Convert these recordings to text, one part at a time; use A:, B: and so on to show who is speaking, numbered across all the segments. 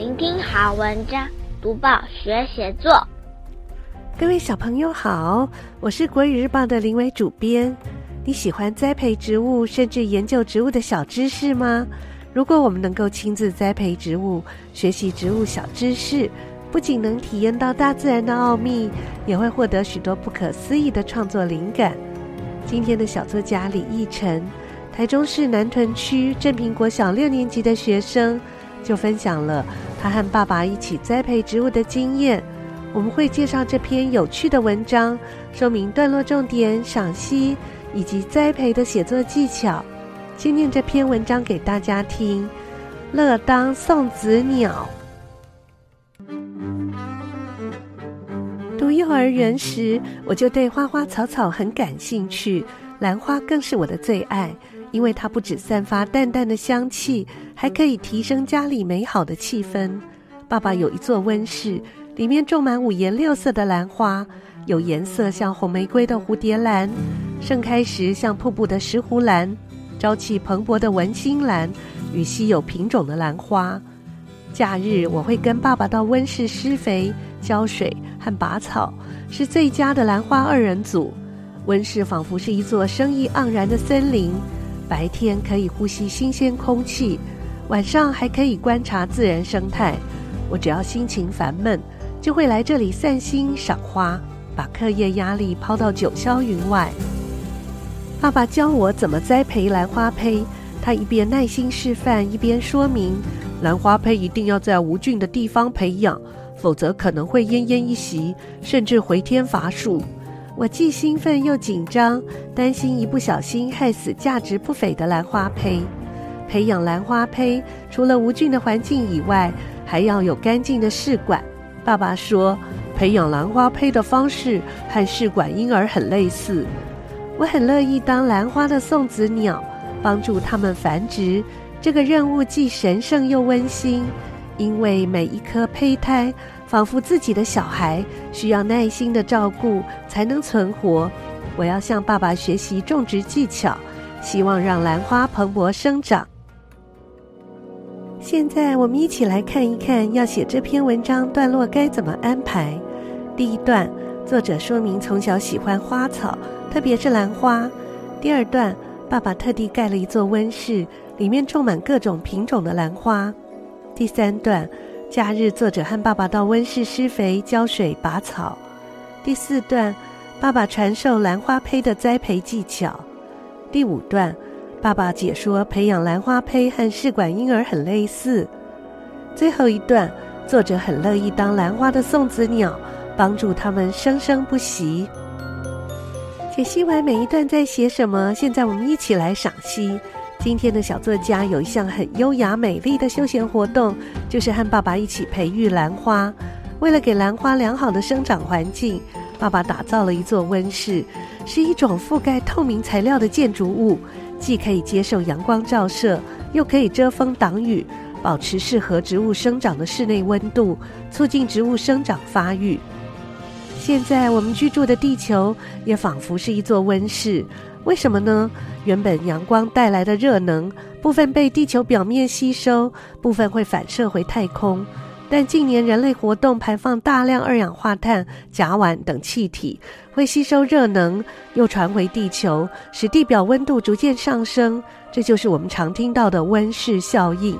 A: 聆聽好文章，讀報學寫作。各位小朋友好，我是國語日報的林偉主編。你喜歡栽培植物，甚至研究植物的小知識嗎？如果我們能夠親自栽培植物，學習植物小知識，不僅能體驗到大自然的奧秘，也會獲得許多不可思議的創作靈感。今天的小作家李奕晨，台中市南屯區鎮平國小六年級的學生，就分享了，他和爸爸一起栽培植物的經驗，我們會介紹這篇有趣的文章、說明段落重點賞析以及栽培的寫作技巧。先念這篇文章給大家聽。樂當送子鳥。讀幼兒園時，我就對花花草草很感興趣，蘭花更是我的最愛。因為它不只散發淡淡的香氣，還可以提升家裡美好的氣氛。爸爸有一座溫室，裡面種滿五顏六色的蘭花，有顏色像紅玫瑰的蝴蝶蘭，盛開時像瀑布的石斛蘭，朝氣蓬勃的文心蘭與稀有品種的蘭花。假日我會跟爸爸到溫室施肥、澆水和拔草，是最佳的蘭花二人組。溫室仿佛是一座生意盎然的森林。白天可以呼吸新鮮空氣，晚上還可以觀察自然生態。我只要心情煩悶，就會來這裡散心、賞花，把課業壓力拋到九霄雲外。爸爸教我怎麼栽培蘭花胚，他一邊耐心示範，一邊說明：蘭花胚一定要在無菌的地方培養，否則可能會奄奄一息，甚至回天乏術。我既興奮又緊張，擔心一不小心害死價值不菲的蘭花胚。培養蘭花胚除了無菌的環境以外，還要有乾淨的試管。爸爸說，培養蘭花胚的方式和試管嬰兒很類似。我很樂意當蘭花的送子鳥，幫助它們繁殖。這個任務既神聖又溫馨，因為每一顆胚胎。仿佛自己的小孩，需要耐心的照顧才能存活，我要向爸爸學習種植技巧，希望讓蘭花蓬勃生長。現在我們一起來看一看，要寫這篇文章段落該怎麼安排。第一段，作者說明從小喜歡花草，特別是蘭花。第二段，爸爸特地蓋了一座溫室，裡面種滿各種品種的蘭花。第三段，假日，作者和爸爸到溫室施肥、澆水、拔草。第四段，爸爸傳授蘭花胚的栽培技巧。第五段，爸爸解說培養蘭花胚和試管嬰兒很類似。最後一段，作者很樂意當蘭花的送子鳥，幫助他們生生不息。解析完每一段在寫什麼，現在我們一起來賞析。今天的小作家有一項很優雅美麗的休閒活動，就是和爸爸一起培育蘭花。為了給蘭花良好的生長環境，爸爸打造了一座溫室，是一種覆蓋透明材料的建築物，既可以接受陽光照射，又可以遮風擋雨，保持適合植物生長的室內溫度，促進植物生長發育。現在我們居住的地球也仿佛是一座溫室。為什麼呢？原本陽光帶來的熱能，部分被地球表面吸收，部分會反射回太空。但近年人類活動排放大量二氧化碳、甲烷等氣體，會吸收熱能，又傳回地球，使地表溫度逐漸上升。這就是我們常聽到的溫室效應。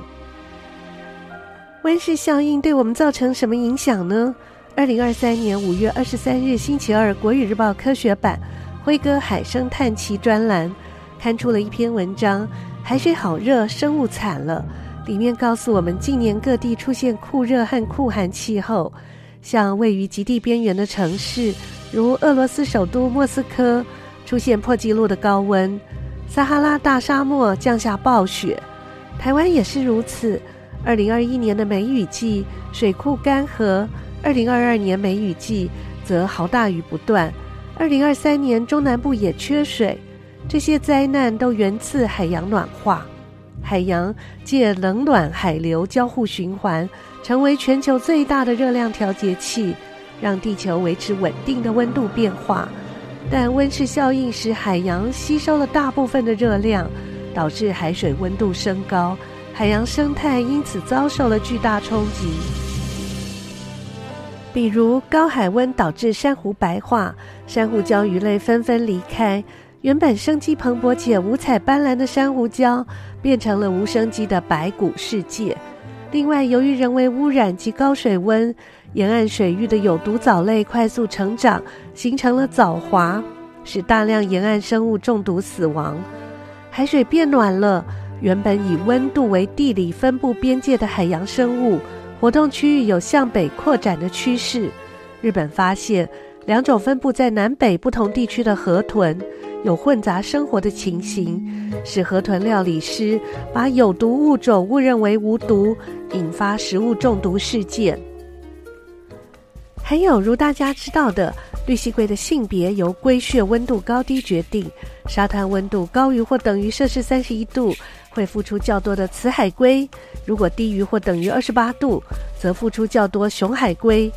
A: 溫室效應對我們造成什麼影響呢？二零二三年五月二十三日星期二，《國語日報》科學版。輝哥海生探奇專欄刊出了一篇文章，《海水好熱，生物慘了》。裡面告訴我們，近年各地出現酷熱和酷寒氣候，像位於極地邊緣的城市，如俄羅斯首都莫斯科，出現破紀錄的高溫；撒哈拉大沙漠降下暴雪。台灣也是如此。二零二一年的梅雨季，水庫乾涸；二零二二年梅雨季，則豪大雨不斷。二零二三年，中南部也缺水。這些災難都源自海洋暖化。海洋借冷暖海流交互循環，成為全球最大的熱量調節器，讓地球維持穩定的溫度變化。但溫室效應使海洋吸收了大部分的熱量，導致海水溫度升高，海洋生態因此遭受了巨大衝擊。比如高海溫導致珊瑚白化，珊瑚礁魚類紛紛離開，原本生機蓬勃、且五彩斑斕的珊瑚礁變成了無生機的白骨世界。另外，由於人為汙染及高水溫，沿岸水域的有毒藻類快速成長，形成了藻華，使大量沿岸生物中毒死亡。海水變暖了，原本以溫度為地理分布邊界的海洋生物。活動區域有向北擴展的趨勢。日本發現兩種分布在南北不同地區的河豚有混雜生活的情形，使河豚料理師把有毒物種誤認為無毒，引發食物中毒事件。還有，如大家知道的，綠蠵龜的性別由龜穴溫度高低決定，沙灘溫度高於或等於攝氏三十一度，會孵出較多的雌海龜，如果低於或等於二十八度，則孵出較多雄海龜。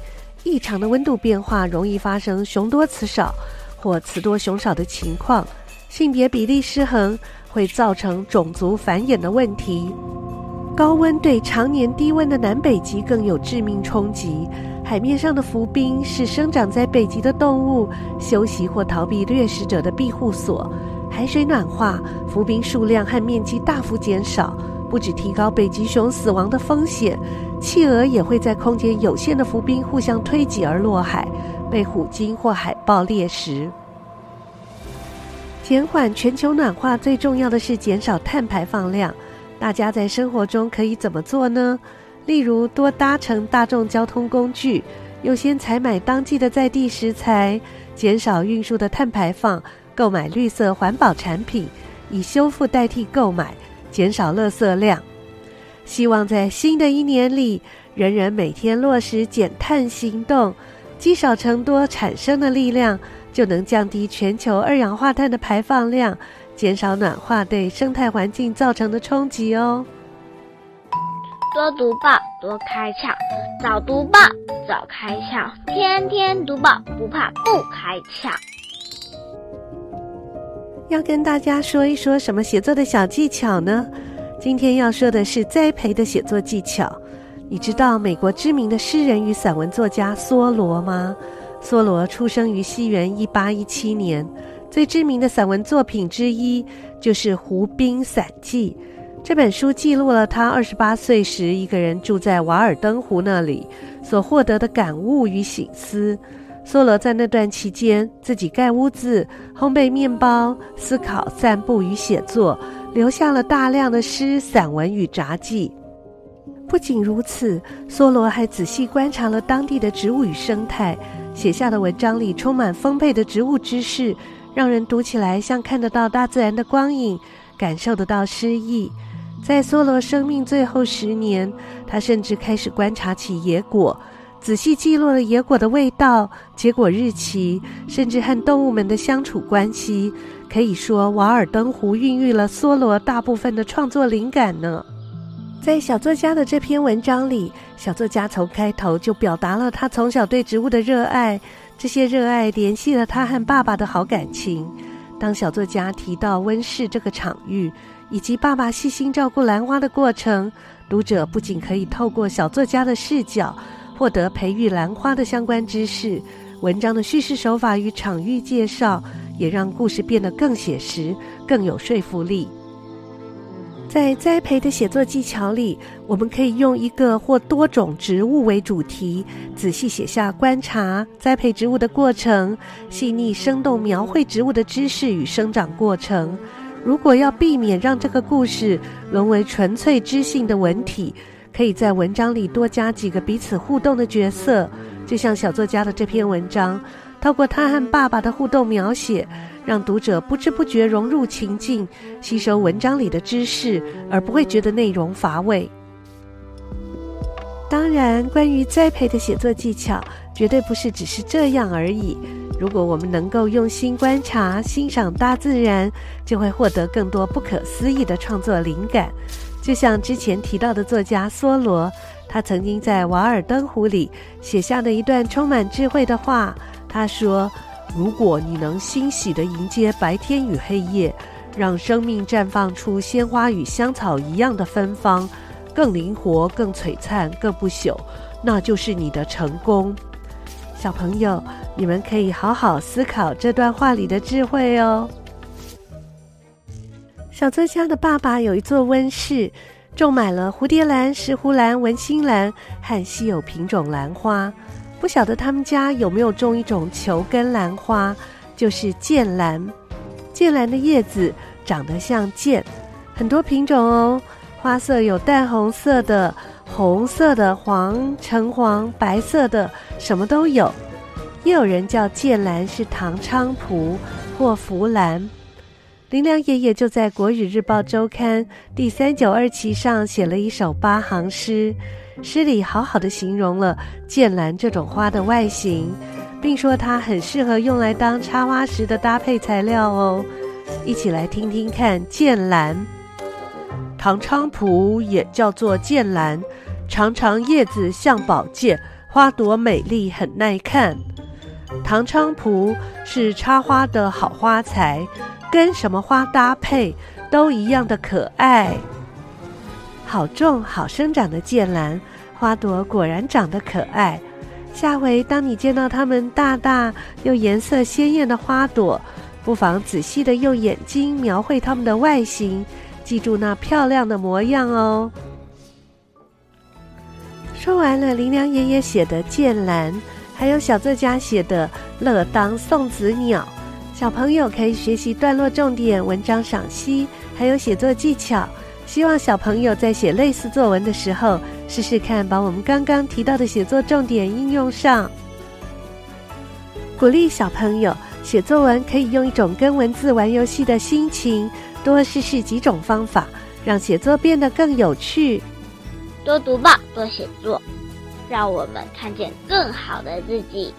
A: 異常的溫度變化容易發生雄多雌少或雌多雄少的情況，性別比例失衡會造成種族繁衍的問題。高溫對常年低溫的南北極更有致命衝擊。海面上的浮冰是生長在北極的動物休息或逃避掠食者的庇護所。海水暖化，浮冰數量和面積大幅減少，不止提高北極熊死亡的風險，企鵝也會在空間有限的浮冰互相推擠而落海，被虎鯨或海豹獵食。減緩全球暖化最重要的是減少碳排放量。大家在生活中可以怎麼做呢？例如多搭乘大眾交通工具，優先採買當季的在地食材，減少運輸的碳排放。購買綠色環保產品，以修復代替購買，減少垃圾量。希望在新的一年裡，人人每天落實減碳行動，積少成多產生的力量，就能降低全球二氧化碳的排放量，減少暖化對生態環境造成的衝擊哦。多讀報，多開竅；早讀報，早開竅；天天讀報，不怕不開竅。要跟大家說一說什麼寫作的小技巧呢？今天要說的是栽培的寫作技巧。你知道美國知名的詩人與散文作家梭羅嗎？梭羅出生於西元一八一七年，最知名的散文作品之一就是《湖濱散記》。這本書記錄了他二十八歲時一個人住在瓦爾登湖那裡所獲得的感悟與省思。梭羅在那段期間，自己蓋屋子、烘焙麵包、思考、散步與寫作，留下了大量的詩、散文與札記。不僅如此，梭羅還仔細觀察了當地的植物與生態，寫下的文章裡充滿豐沛的植物知識，讓人讀起來像看得到大自然的光影，感受得到詩意。在梭羅生命最後十年，他甚至開始觀察起野果。仔細記錄了野果的味道、結果日期，甚至和動物們的相處關係。可以說，《瓦爾登湖》孕育了梭羅大部分的創作靈感呢。在小作家的這篇文章裡，小作家從開頭就表達了他從小對植物的熱愛，這些熱愛聯繫了他和爸爸的好感情。當小作家提到溫室這個場域，以及爸爸細心照顧蘭花的過程，讀者不僅可以透過小作家的視角，獲得培育蘭花的相關知識，文章的敘事手法與場域介紹，也讓故事變得更寫實、更有說服力。在栽培的寫作技巧裡，我們可以用一個或多種植物為主題，仔細寫下觀察栽培植物的過程，細膩生動描繪植物的知識與生長過程。如果要避免讓這個故事淪為純粹知性的文體，可以在文章裡多加幾個彼此互動的角色，就像小作家的這篇文章，透過他和爸爸的互動描寫，讓讀者不知不覺融入情境，吸收文章裡的知識，而不會覺得內容乏味。當然，關於栽培的寫作技巧，絕對不是只是這樣而已。如果我們能夠用心觀察、欣賞大自然，就會獲得更多不可思議的創作靈感。就像之前提到的作家梭羅，他曾經在《瓦爾登湖》裡寫下的一段充滿智慧的話。他說：“如果你能欣喜地迎接白天與黑夜，讓生命綻放出鮮花與香草一樣的芬芳，更靈活、更璀璨、更璀璨、更不朽，那就是你的成功。”小朋友，你們可以好好思考這段話裡的智慧哦。小作家的爸爸有一座溫室，種滿了蝴蝶蘭、石斛蘭、文心蘭和稀有品種蘭花。不曉得他們家有沒有種一種球根蘭花，就是劍蘭。劍蘭的葉子長得像劍，很多品種哦，花色有淡紅色的、紅色的、黃、橙黃、白色的，什麼都有。也有人叫劍蘭是唐菖蒲或福蘭。林良爺爺就在《國語日報週刊》第三九二期上寫了一首八行詩，詩裡好好的形容了劍蘭這種花的外形，並說它很適合用來當插花時的搭配材料哦。一起來聽聽看劍蘭，唐菖蒲也叫做劍蘭，長長葉子像寶劍，花朵美麗很耐看。唐菖蒲是插花的好花材，跟什麼花搭配都一樣的可愛。好種、好生長的劍蘭，花朵果然長得可愛。下回當你見到它們大大又顏色鮮豔的花朵，不妨仔細的用眼睛描繪它們的外形，記住那漂亮的模樣哦。說完了林良爺爺寫的劍蘭。還有小作家寫的《樂當送子鳥》，小朋友可以學習段落重點、文章賞析，還有寫作技巧。希望小朋友在寫類似作文的時候，試試看把我們剛剛提到的寫作重點應用上。鼓勵小朋友寫作文，可以用一種跟文字玩遊戲的心情，多試試幾種方法，讓寫作變得更有趣。多讀報，多寫作。讓我們看見更好的自己。